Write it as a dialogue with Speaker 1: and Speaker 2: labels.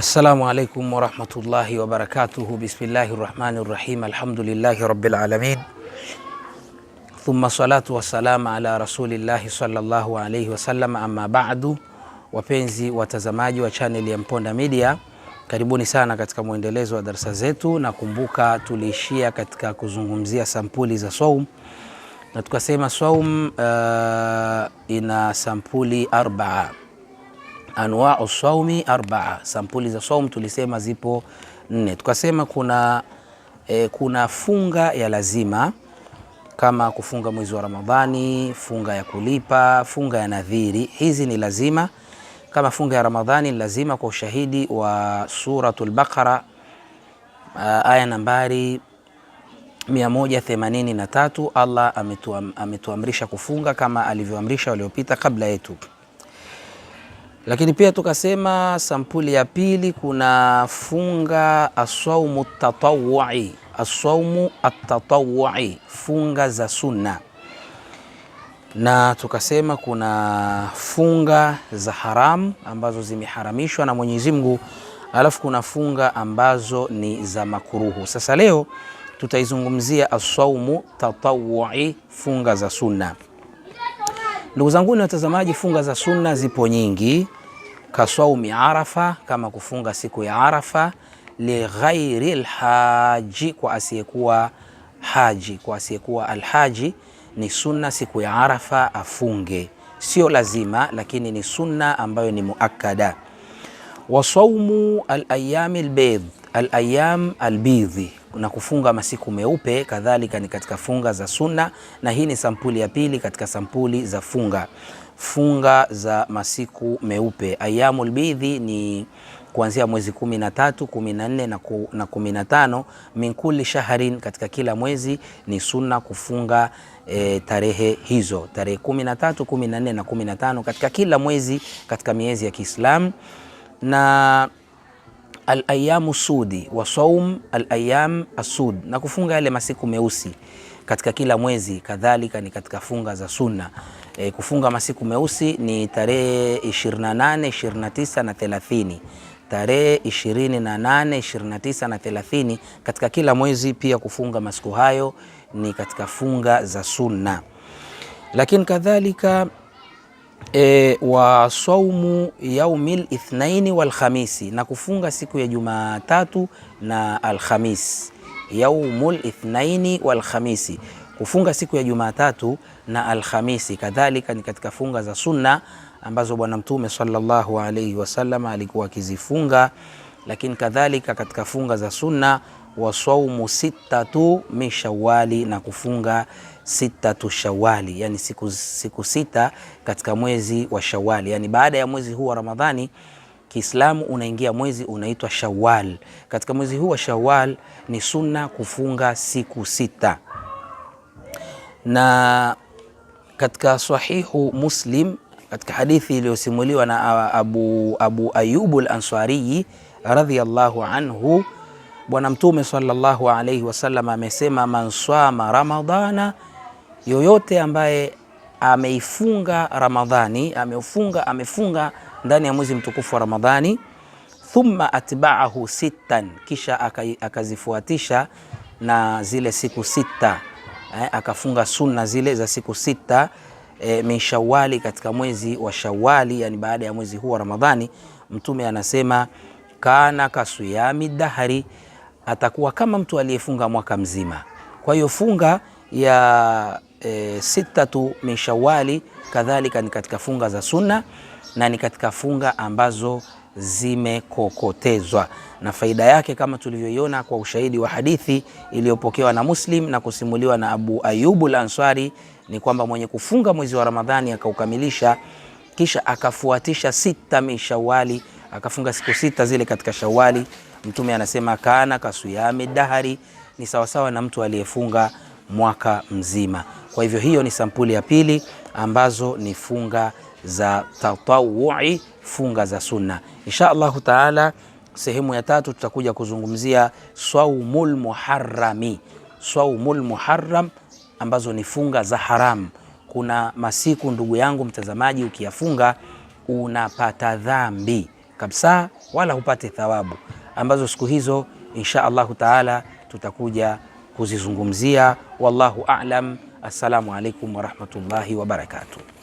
Speaker 1: Assalamu alaikum warahmatullahi wabarakatuhu. Bismillahi rahmani rahim. Alhamdulillahi rabbil alamin thumma salatu wassalamu ala rasulillahi sallallahu alaihi wasallam. Amma baadu, wapenzi watazamaji wa channel ya Mponda Media, karibuni sana katika mwendelezo wa darasa zetu, na kumbuka tuliishia katika kuzungumzia sampuli za saum na tukasema saum uh, ina sampuli arbaa anwau saumi arbaa, sampuli za saum tulisema zipo nne. Tukasema kuna, e, kuna funga ya lazima kama kufunga mwezi wa Ramadhani, funga ya kulipa, funga ya nadhiri. Hizi ni lazima. Kama funga ya Ramadhani ni lazima kwa ushahidi wa Suratul Baqara ah, aya nambari 183 Allah ametuamrisha kufunga kama alivyoamrisha waliopita kabla yetu. Lakini pia tukasema sampuli ya pili kuna funga aswaumu tatawui, aswaumu atatawui, funga za sunna, na tukasema kuna funga za haramu ambazo zimeharamishwa na Mwenyezi Mungu, alafu kuna funga ambazo ni za makuruhu. Sasa leo tutaizungumzia aswaumu tatawui, funga za sunna. Ndugu zangu ni watazamaji, funga za sunna zipo nyingi, kaswaumi Arafa, kama kufunga siku ya Arafa, lighairi lhaji, kwa asiyekuwa haji, kwa asiyekuwa alhaji ni sunna siku ya Arafa afunge, sio lazima, lakini ni sunna ambayo ni muakkada. Wasaumu alayami albayd, alayam albidhi na kufunga masiku meupe kadhalika ni katika funga za sunna, na hii ni sampuli ya pili katika sampuli za funga funga za masiku meupe. Ayamul bidhi ni kuanzia mwezi 13, 14 na 15 min kulli shahrin, katika kila mwezi ni sunna kufunga e, tarehe hizo tarehe 13, 14 na 15 katika kila mwezi katika miezi ya Kiislamu na alayamu sudi wa saum alayam asud, na kufunga yale masiku meusi katika kila mwezi, kadhalika ni katika funga za sunna. E, kufunga masiku meusi ni tarehe 28, 29 na 30 tarehe 28, 29 na 30 katika kila mwezi. Pia kufunga masiku hayo ni katika funga za sunna, lakini kadhalika e, wa saumu yaumil ithnaini wal khamisi, na kufunga siku ya Jumatatu na Alhamis. Yaumul ithnaini wal khamisi, kufunga siku ya Jumatatu na Alhamisi. Kadhalika ni katika funga za sunna ambazo Bwana Mtume sallallahu alaihi wasallam alikuwa akizifunga, lakini kadhalika katika funga za sunna wasaumu sittatu min Shawali, na kufunga tu Shawali, yani siku, siku sita katika mwezi wa Shawali, yani baada ya mwezi huu wa Ramadhani Kiislamu unaingia mwezi unaitwa Shawal. Katika mwezi huu wa Shawal ni sunna kufunga siku sita, na katika Sahihu Muslim katika hadithi iliyosimuliwa na Abu, Abu Ayubu al-Ansari radhiyallahu anhu, Bwana Mtume sallallahu alayhi wasallam amesema, man swama ramadhana yoyote ambaye ameifunga Ramadhani, ameufunga amefunga ndani ya mwezi mtukufu wa Ramadhani, thumma atba'ahu sittan, kisha akazifuatisha na zile siku sita eh, akafunga sunna zile za siku sita eh, min Shawali, katika mwezi wa Shawali, yani baada ya mwezi huu wa Ramadhani. Mtume anasema kana kasuyami dahari, atakuwa kama mtu aliyefunga mwaka mzima. Kwa hiyo funga ya e, sitatu min Shawali kadhalika ni katika funga za sunna na ni katika funga ambazo zimekokotezwa na faida yake kama tulivyoiona kwa ushahidi wa hadithi iliyopokewa na Muslim na kusimuliwa na Abu Ayubu al-Ansari ni kwamba mwenye kufunga mwezi wa Ramadhani akaukamilisha, kisha akafuatisha sita min Shawali, akafunga siku sita zile katika Shawali, Mtume anasema kana kasuyami dahari, ni sawasawa na mtu aliyefunga mwaka mzima. Kwa hivyo hiyo ni sampuli ya pili ambazo ni funga za tatawui, funga za sunna. Insha Allahu taala, sehemu ya tatu tutakuja kuzungumzia saumul muharrami, saumul muharram ambazo ni funga za haramu. Kuna masiku ndugu yangu mtazamaji, ukiyafunga unapata dhambi kabisa, wala hupate thawabu ambazo siku hizo insha Allahu taala tutakuja kuzizungumzia. Wallahu a'lam. Assalamu alaikum warahmatullahi wabarakatuh.